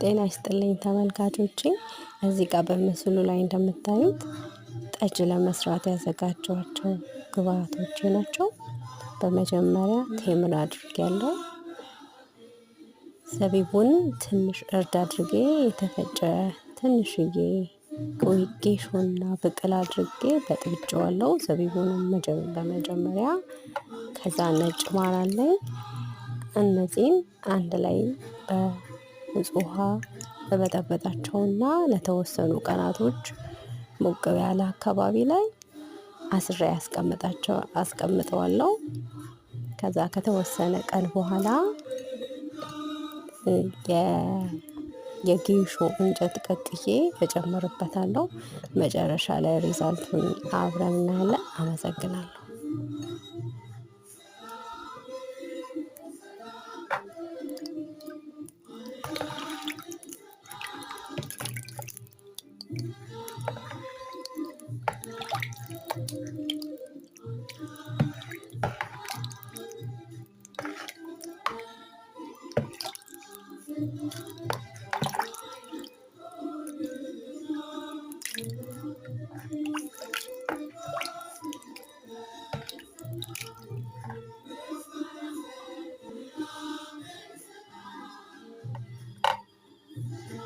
ጤና ይስጥልኝ ተመልካቾቼ። እዚህ ጋር በምስሉ ላይ እንደምታዩት ጠጅ ለመስራት ያዘጋጀኋቸው ግብአቶቼ ናቸው። በመጀመሪያ ቴምር አድርጌያለሁ። ዘቢቡን ትንሽ እርድ አድርጌ የተፈጨ ትንሽዬ ቆይ ጌሾና ብቅል አድርጌ በጥብጨዋለሁ። ዘቢቡንም በመጀመሪያ ከዛ ነጭ ማር አለኝ። እነዚህም አንድ ላይ ንጹህ ውሃ እበጠበጣቸውና ለተወሰኑ ቀናቶች ሞቅ ያለ አካባቢ ላይ አስራ ያስቀምጣቸው አስቀምጠዋለሁ። ከዛ ከተወሰነ ቀን በኋላ የጌሾ እንጨት ቀቅዬ እጨምርበታለሁ። መጨረሻ ላይ ሪዛልቱን አብረን እናያለን። አመሰግናለሁ። Thank you.